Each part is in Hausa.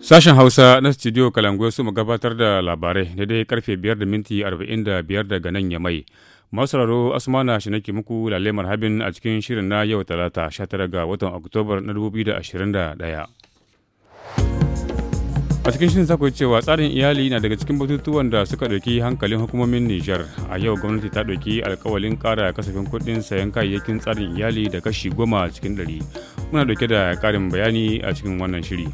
Sashen Hausa na Studio Kalangoyo su gabatar da labarai dai karfe 5 da minti 45 daga nan ya mai. Masararo Asmana shi nake muku lalemar habin a cikin shirin na yau talata 19 ga watan Oktobar na 2021. a cikin shirin sakwai cewa tsarin iyali na daga cikin batutuwan da suka ɗauki hankalin hukumomin nijar a yau gwamnati ta ɗauki alkawalin ƙara kasafin kuɗin sayan kayayyakin tsarin iyali da kashi goma cikin ɗari muna ɗauke da ƙarin bayani a cikin wannan shiri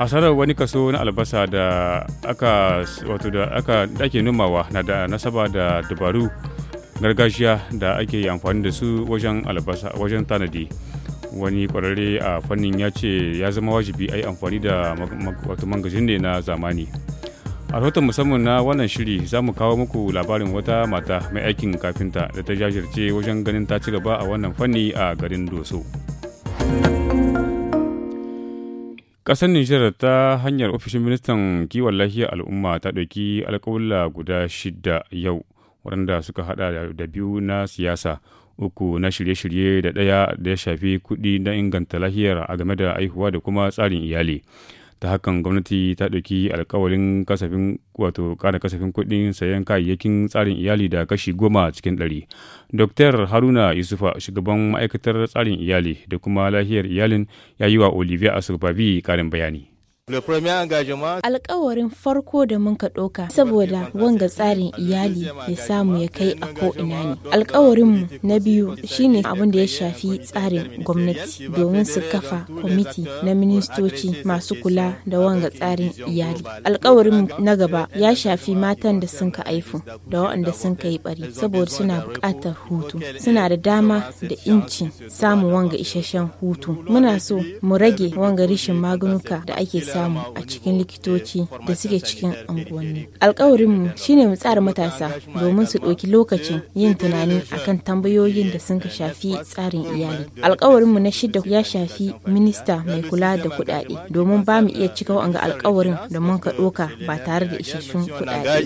asarar wani kaso na albasa da aka wato da aka ake numawa na da nasaba da dabaru gargajiya da ake amfani da su wajen albasa wajen tanadi wani kwararre a fannin ya ce ya zama wajibi a yi amfani da wato mangajin ne na zamani a rahoton musamman na wannan shiri za mu kawo muku labarin wata mata mai aikin kafinta da ta jajirce wajen ganin ta ci gaba a wannan fanni a garin doso ƙasar nijar ta hanyar ofishin ministan kiwon lafiyar al'umma ta ɗauki alƙawula guda shida yau waɗanda suka haɗa da biyu na siyasa uku na shirye-shirye da ɗaya da ya shafi kuɗi na inganta lahiyar a game da aihuwa da kuma tsarin iyali ta hakan gwamnati ta ɗauki alkawarin kasafin wato ƙara kasafin kuɗin sayan kayayyakin tsarin iyali da kashi goma cikin ɗari dr haruna yusufa shugaban ma'aikatar tsarin iyali da kuma lahiyar iyalin ya yi wa olivia asirbabi ƙarin bayani Alkawarin farko da mun ka ɗoka saboda wanga tsarin iyali ya samu ya kai a ko'ina ne. Alkawarinmu na biyu shine abin da ya shafi tsarin gwamnati domin su kafa kwamiti na ministoci masu kula da wanga tsarin iyali. Alkawarinmu na gaba ya shafi matan da sun ka aifu da waɗanda sun ka yi bari saboda suna buƙatar hutu. Suna da dama da inci samun wanga isasshen hutu. Muna so mu rage wanga rishin magunuka da ake samu a cikin likitoci da suke cikin unguwanni. Alkawarinmu shine mu tsara matasa domin su ɗauki lokacin yin tunani akan tambayoyin da sun ka shafi tsarin iyali. Alkawarinmu na shida ya shafi minista mai kula da kuɗaɗe domin ba mu iya cika wanga alkawarin da mun ka ɗoka ba tare da isassun kuɗaɗe.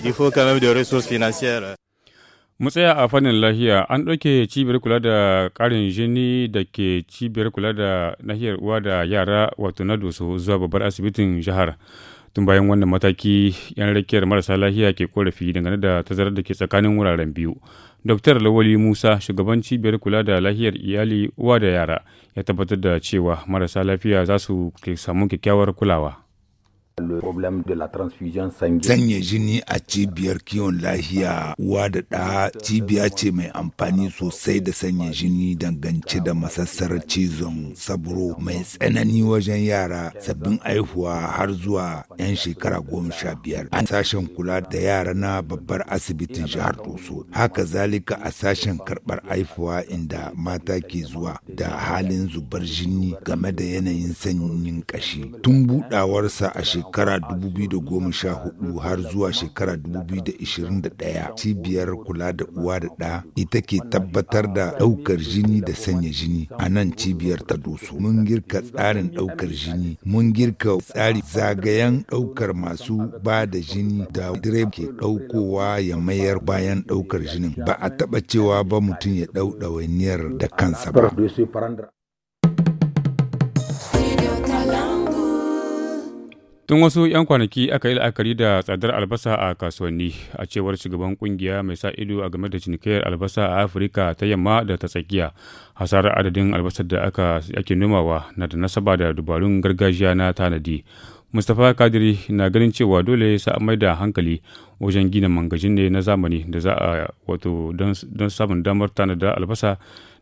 mu tsaya a fannin lahiya an ɗauke cibiyar kula da ƙarin jini da ke cibiyar kula da nahiyar uwa da yara wato na doso zuwa babbar asibitin jihar. Tun bayan wannan mataki yan rakiyar marasa lahiya ke korafi dangane da tazarar da ke tsakanin wuraren biyu. Dr. Lawali Musa, shugaban cibiyar kula da lahiyar iyali uwa da yara, ya tabbatar da cewa marasa lafiya za su samu kyakkyawar kulawa. le problem de la transfusion sanguine. Sanya jini a cibiyar kiwon lahiya uwa da ɗa cibiya ce mai amfani sosai da sanya jini dangance da masassar cizon sabro mai tsanani wajen yara sabbin aihuwa har zuwa 'yan shekara goma sha biyar. An sashen kula da yara na babbar asibitin jihar Doso. Haka zalika a sashen karɓar aihuwa inda mata ke zuwa da halin zubar jini game da yanayin sanyin ƙashi. Tun buɗawarsa a shekaru. shekara 2014 har zuwa shekara 2021 cibiyar kula da uwa da ɗa ita ke tabbatar da ɗaukar jini da sanya jini a nan cibiyar ta doso. Mun girka tsarin ɗaukar jini, mun girka tsari zagayen ɗaukar masu ba da jini da direba ke ɗaukowa ya mayar bayan ɗaukar jinin. Ba a taɓa cewa ba mutum ya ɗau ɗawainiyar da kansa ba. Tun wasu 'yan kwanaki aka yi la'akari da tsadar albasa a kasuwanni, a cewar shugaban kungiya mai sa ido a game da cinikayyar albasa a Afirka ta yamma da ta tsakiya. Hasarar adadin albasar da aka ake nomawa na da nasaba da dubarun gargajiya na tanadi. Mustapha Kadiri na ganin cewa dole sa mai da hankali wajen gina mangajin ne na zamani da za a wato don samun damar tanada albasa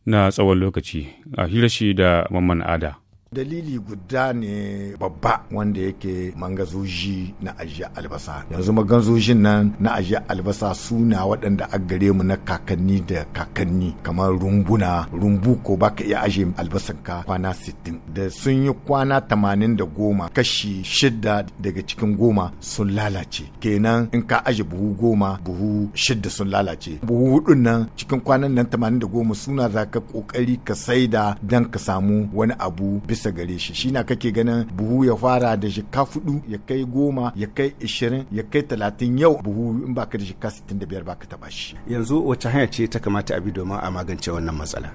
na tsawon lokaci a hirashi da mamman ada. dalili guda ne babba wanda yake mangazoji na ajiya albasa yanzu magazojin nan na ajiya albasa suna waɗanda a gare mu na kakanni da kakanni kamar rumbuna rumbu ko baka iya albasan albasanka kwana 60 da sun yi kwana 80 kashi 6 daga cikin goma sun lalace kenan in ka aje buhu goma buhu 6 sun lalace buhu hudun nan cikin kwanan nan 80 suna za ka kokari ka saida dan ka samu wani abu bis bisa gare shi shi na kake ganin buhu ya fara da shika fudu ya kai goma ya kai ishirin ya kai talatin yau buhu in baka da shika sittin da biyar baka taba shi yanzu wacce hanya ce ta kamata a bi domin a magance wannan matsala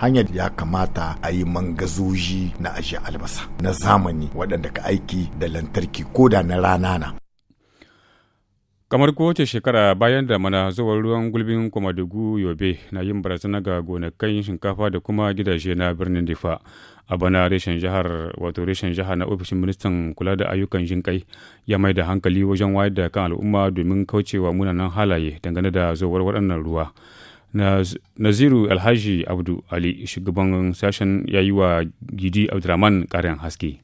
hanyar ya kamata a yi mangazoji na ashe albasa na zamani waɗanda ka aiki da lantarki ko da na rana na kamar kowace shekara bayan damana zuwar ruwan gulbin kwamadugu yobe na yin barazana ga gonakan shinkafa da kuma gidaje na birnin difa a bana reshen jihar wato reshen jihar na ofishin ministan kula da ayyukan jinkai ya mai da hankali wajen wayar da kan al'umma domin kaucewa munanan halaye dangane da zuwar waɗannan ruwa naziru alhaji abdu ali shugaban sashen ya yi wa gidi abdulrahman ƙarin haske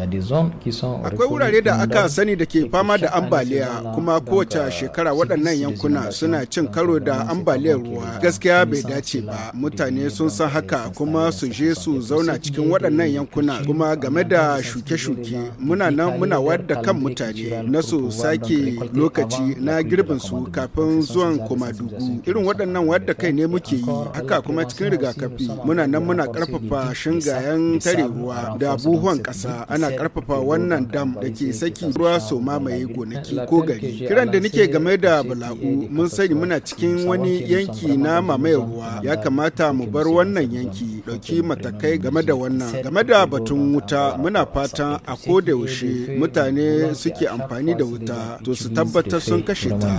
Akwai wurare da aka sani da ke fama da ambaliya kuma kowace euh, shekara waɗannan yankuna suna cin karo da ambaliyar ruwa. Gaskiya bai dace ba. Mutane sun san haka kuma su je su zauna cikin waɗannan yankuna kuma game da shuke-shuke muna nan muna wayar da kan mutane na su sake lokaci na girbin su kafin zuwan koma dubu. Irin waɗannan wayar kai ne muke yi haka kuma cikin rigakafi muna nan muna ƙarfafa shingayen tare ruwa da buhuwan ƙasa ana ƙara karfafa wannan dam da ke saki ruwa so mamaye gonaki ko gari. Kiran da nike game da bala'u mun sani muna cikin wani yanki na mamayar ruwa ya kamata mu bar wannan yanki ɗauki matakai game da wannan. Game da batun wuta muna fata a koda yaushe mutane suke amfani da wuta to su tabbatar sun kashe ta.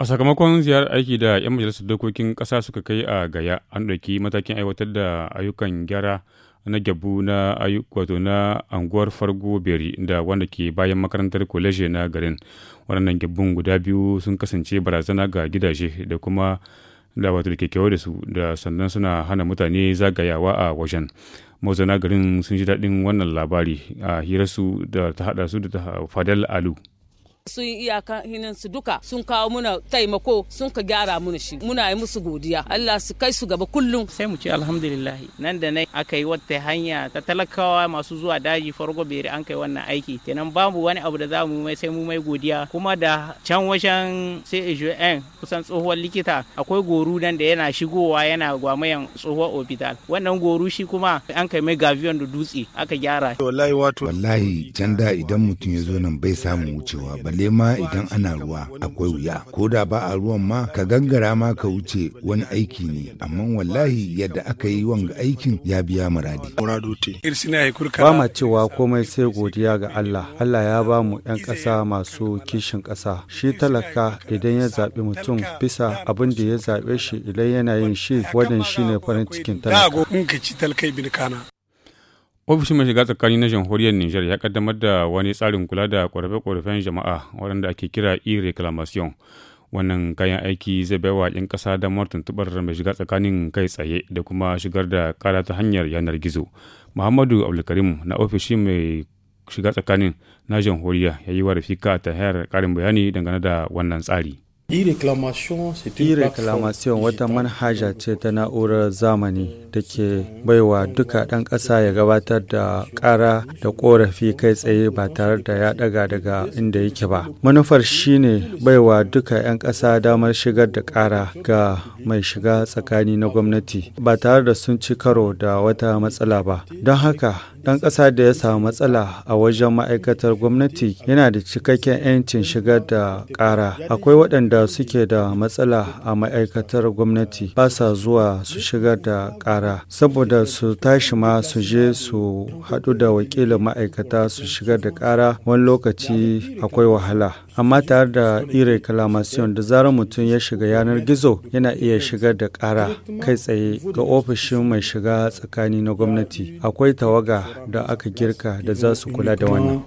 A sakamakon ziyarar aiki da 'yan majalisar dokokin ƙasa suka kai a gaya an ɗauki matakin aiwatar da ayyukan gyara na gyabu na wato na anguwar fargo beri da wanda ke bayan makarantar kwaleje na garin waɗannan gyabun guda biyu sun kasance barazana ga gidaje da kuma da wato da da su da sannan suna hana mutane zagayawa a wajen mazauna garin sun ji daɗin wannan labari a hirarsu da ta haɗa su da fadal alu sun yi iyaka hinin su duka sun kawo muna taimako sun ka gyara muna shi muna yi musu godiya Allah su kai su gaba kullum sai mu ce alhamdulillah nan da nan aka yi wata hanya ta talakawa masu zuwa daji farko bere an kai wannan aiki kenan babu wani abu da za mu mai sai mu mai godiya kuma da can wajen CHN kusan tsohuwar likita akwai goru nan da yana shigowa yana gwamayan tsohuwar hospital wannan goru shi kuma an kai mai gaviyon da dutse aka gyara wallahi wato wallahi can da idan mutum ya zo nan bai samu wucewa balle balle ma idan ana ruwa akwai wuya ko da ba a ruwan ma ka gangara ma ka wuce wani aiki ne amma wallahi yadda aka yi wanga aikin ya biya muradi ba cewa komai sai godiya ga Allah Allah ya ba mu yan ƙasa masu kishin ƙasa shi talaka idan ya zaɓi mutum bisa abin da ya zaɓe shi idan yana yin shi wannan shine farin cikin talaka ofishin mai shiga tsakani na jamhuriyar niger ya kaddamar da wani tsarin kula da ƙorafe-ƙorafen jama'a waɗanda ake kira e-reclamation wannan kayan aiki zai baiwa 'yan ƙasa damar tuntuɓar mai shiga tsakanin kai tsaye da kuma shigar da ƙara ta hanyar yanar gizo muhammadu abdulkarim na ofishin mai shiga tsakanin na jamhuriya ya yi wa rafika ta hayar ƙarin bayani dangane da wannan tsari e-reclamation wata manhaja ce ta na'urar zamani da ke baiwa duka ɗan ƙasa ya gabatar da ƙara da ƙorafi kai tsaye ba tare da ya ɗaga daga inda yake ba. Manufar shine baiwa duka 'yan ƙasa damar shigar da ƙara ga mai shiga tsakani na gwamnati ba tare da sun ci karo da wata matsala ba. Don haka ɗan ƙasa da ya samu matsala a wajen ma'aikatar gwamnati yana da cikakken 'yancin shigar da ƙara akwai waɗanda suke da matsala a ma'aikatar gwamnati ba sa zuwa su shigar da ƙara yara saboda su tashi ma su je su haɗu da wakilin ma'aikata su shigar da ƙara wani lokaci akwai wahala amma tare da irin kalamasiyon da zarar mutum ya shiga yanar gizo yana iya shigar da ƙara kai tsaye ga ofishin mai shiga tsakani na gwamnati akwai tawaga da aka girka da za su kula da wannan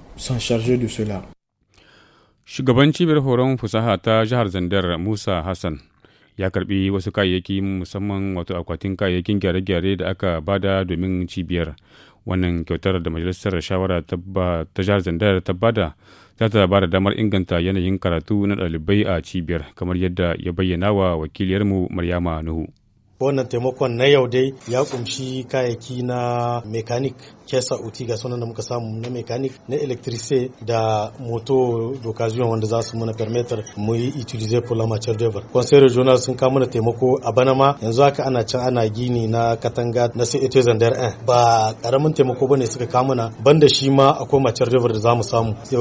Shugaban cibiyar horon fusaha ta jihar Zandar Musa Hassan ya karbi wasu kayayyaki musamman wato akwatin kayayyakin gyare-gyare da aka bada domin cibiyar wannan kyautar da majalisar shawara ta jihar zandar ta bada za ta ba damar inganta yanayin karatu na ɗalibai a cibiyar kamar yadda ya bayyana wa wakiliyarmu maryama nuhu wannan taimakon na yau dai ya kumshi kayayyaki na mekanik kesa uti ga sunan da muka samu na mekanik na electricity da moto d'occasion wanda za su muna permettre mu yi utilize pour la matière d'œuvre conseil régional sun kawo mana taimako a bana ma yanzu haka ana can ana gini na katanga na sai ito ba karamin taimako bane suka kawo mana banda shi ma akwai matière d'œuvre da za mu samu sai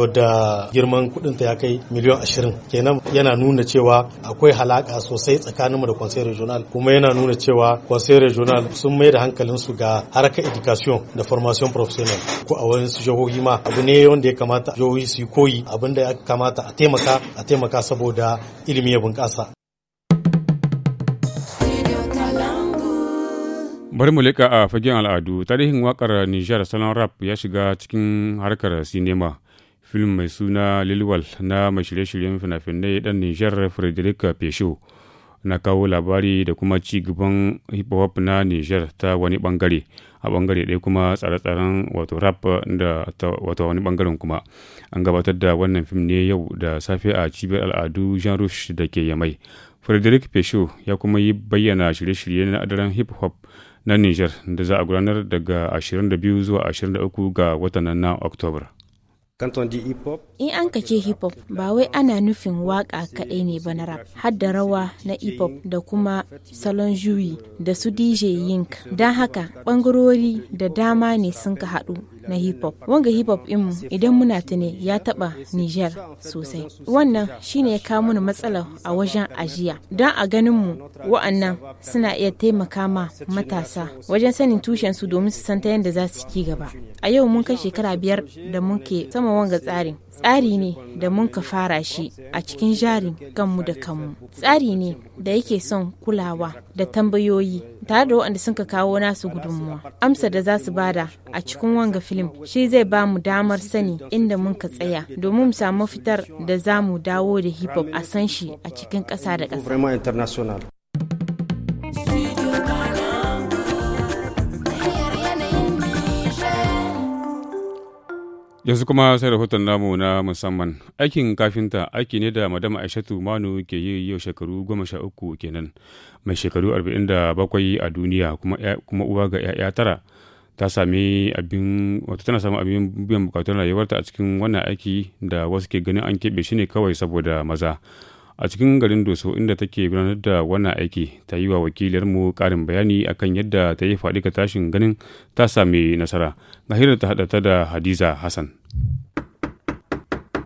girman kudin ta ya kai miliyan 20 kenan yana nuna cewa akwai halaka sosai tsakanin mu da conseil régional kuma yana nuna cewa conseil régional sun mai da hankalin su ga harkar education da formation formation professional ko a wani jihohi ma abu ne wanda ya kamata jihohi su yi koyi abin da ya kamata a taimaka a taimaka saboda ilimi ya bunƙasa bari mu leƙa a fagen al'adu tarihin wakar nijar salon rap ya shiga cikin harkar sinema film mai suna lilwal na mai shirye-shiryen fina-finai dan niger frederick pesho na kawo labari da kuma ci gaban hip hop na nijar ta wani bangare a bangare ɗaya kuma tsare-tsaren wato rap da wato wani bangaren kuma an gabatar da wannan fim ne yau da safe a cibiyar al'adu jean rouge da ke yamai frederick pesho ya kuma yi bayyana shirye-shirye na daren hip hop na niger da za a gudanar daga 22 zuwa 23 ga watan na october In an ka ce hip hop ba wai ana nufin waka kaɗai ne ba na rap, har da rawa na hip hop da kuma salon juyi da su DJ Yink. Don haka ɓangarori da dama ne sun ka haɗu na hip hop wanga hip hop mu idan muna tuni ya taba niger sosai wannan shine ya kawo mana matsala a wajen ajiya don a ganin mu wa'annan suna iya taimaka ma matasa wajen sanin tushen su domin su san ta yadda za su ci gaba a yau mun kai shekara biyar da muke sama wanga tsarin tsari ne da mun ka fara shi a cikin jarin kanmu da kanmu tsari ne da yake son kulawa da tambayoyi tare da waɗanda sun kawo nasu gudunmuwa amsa da za su bada a cikin wanga filim shi zai ba mu damar sani inda mun ka tsaya domin mu samu fitar da za mu dawo da hip hop a san shi a cikin ƙasa da ƙasa yanzu kuma sai rahoton namu na musamman aikin kafinta aiki ne da madama aishatu manu ke yi yau shekaru goma sha uku kenan mai shekaru arba'in da bakwai a duniya kuma uwa ga 'ya'ya tara ta sami abin wata tana samun abin biyan bukatun rayuwarta a cikin wannan aiki da wasu ke ganin an keɓe shi ne kawai saboda maza a cikin garin doso inda take gudanar da wannan aiki ta yi wa wakilarmu karin bayani akan yadda ta yi faɗi tashin ganin ta sami nasara ga ta hada ta da hadiza hassan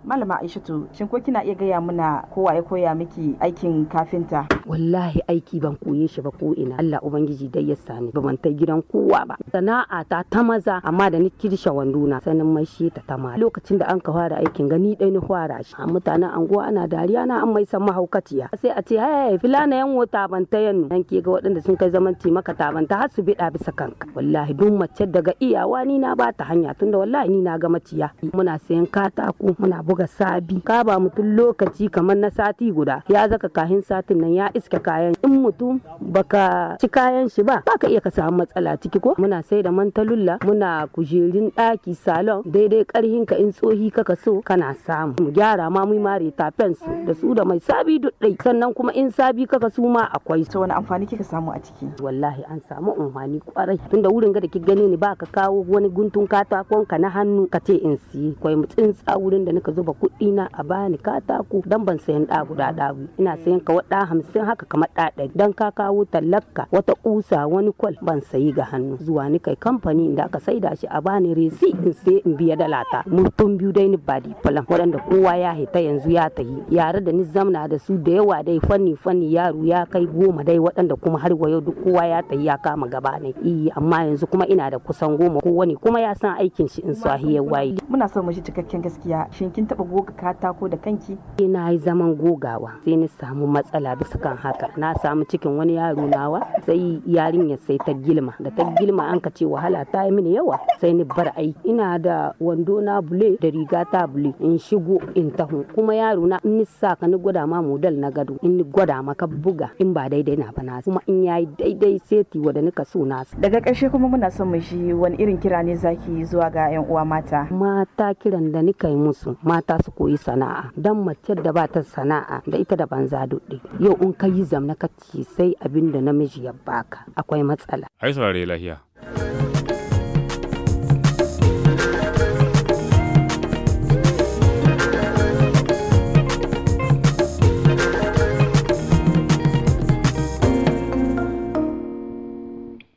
malama aishatu shin ko kina iya gaya mana kowa ya koya miki aikin kafinta wallahi aiki ban koye shi ba ko ina Allah ubangiji dai ya sani ba ban ta gidan kowa ba sana'a ta ta maza amma da ni kirshe na. sanin mai shi ta tama lokacin da an ka fara aikin gani dai ni fara shi mutanen anguwa ana dariya na an mai san mahaukaciya sai a ce hey filana yan wata ban ta yan nan ke ga waɗanda sun kai zaman ci maka ban ta har su bida bisa kanka wallahi duk mace daga iyawa ni na ba ta hanya tunda wallahi ni na ga maciya muna sayan katako muna buga buga sabi ka ba mutum lokaci kamar na sati guda ya zaka kahin satin nan ya iska kayan in mutum baka ci kayan shi ba baka iya ka samu matsala ciki ko muna sai da mantalulla muna kujerin daki salon daidai karhin ka in tsohi kaka so kana samu mu gyara ma mu mare tafen su da su da mai sabi duɗɗai sannan kuma in sabi kaka su ma akwai to wani amfani kika samu a ciki wallahi an samu amfani kwarai tunda wurin ga da ki gani ni baka kawo wani guntun katakon ka na hannu ka ce in siye kwai mu tsintsa wurin da nika zo zuba kuɗi na a bani katako dan ban sayan ɗa guda ɗab'i ina sayan ka waɗa hamsin haka kamar da ɗari dan ka kawo tallaka wata ƙusa wani kwal ban sayi ga hannu zuwa ni kai kamfani da aka saida shi a bani resi in sai in biya dala ta mutum biyu dai ni badi falan waɗanda kowa ya hita yanzu ya tahi yare da ni zamna da su da yawa dai fanni fanni yaro ya kai goma dai waɗanda kuma har wa duk kowa ya tahi ya kama gaba ne iya amma yanzu kuma ina da kusan goma kowane kuma ya san aikin shi in a ya waye muna so mu shi cikakken gaskiya shin kin taba goga katako da kanki ina yi zaman gogawa sai ni samu matsala bisa kan haka na samu cikin wani yaro nawa sai yarinyar sai ta gilma da ta gilma an ka ce wahala ta yi mini yawa sai ni bar aiki ina da wando na bule da riga ta bule in shigo in taho kuma yaro na in sa ka ni gwada ma model na gado in ni gwada maka buga in ba daidai na ba kuma in yayi daidai seti ni ka so na daga karshe kuma muna son mu shi wani irin kira ne zaki zuwa ga yan uwa mata mata kiran da nika yi musu mata ta su koyi sana'a dan mace da ba ta sana'a da ita da banza duɗi yau in ka yi zamna ka ci sai abin da namiji ya baka akwai matsala ai saurare lahiya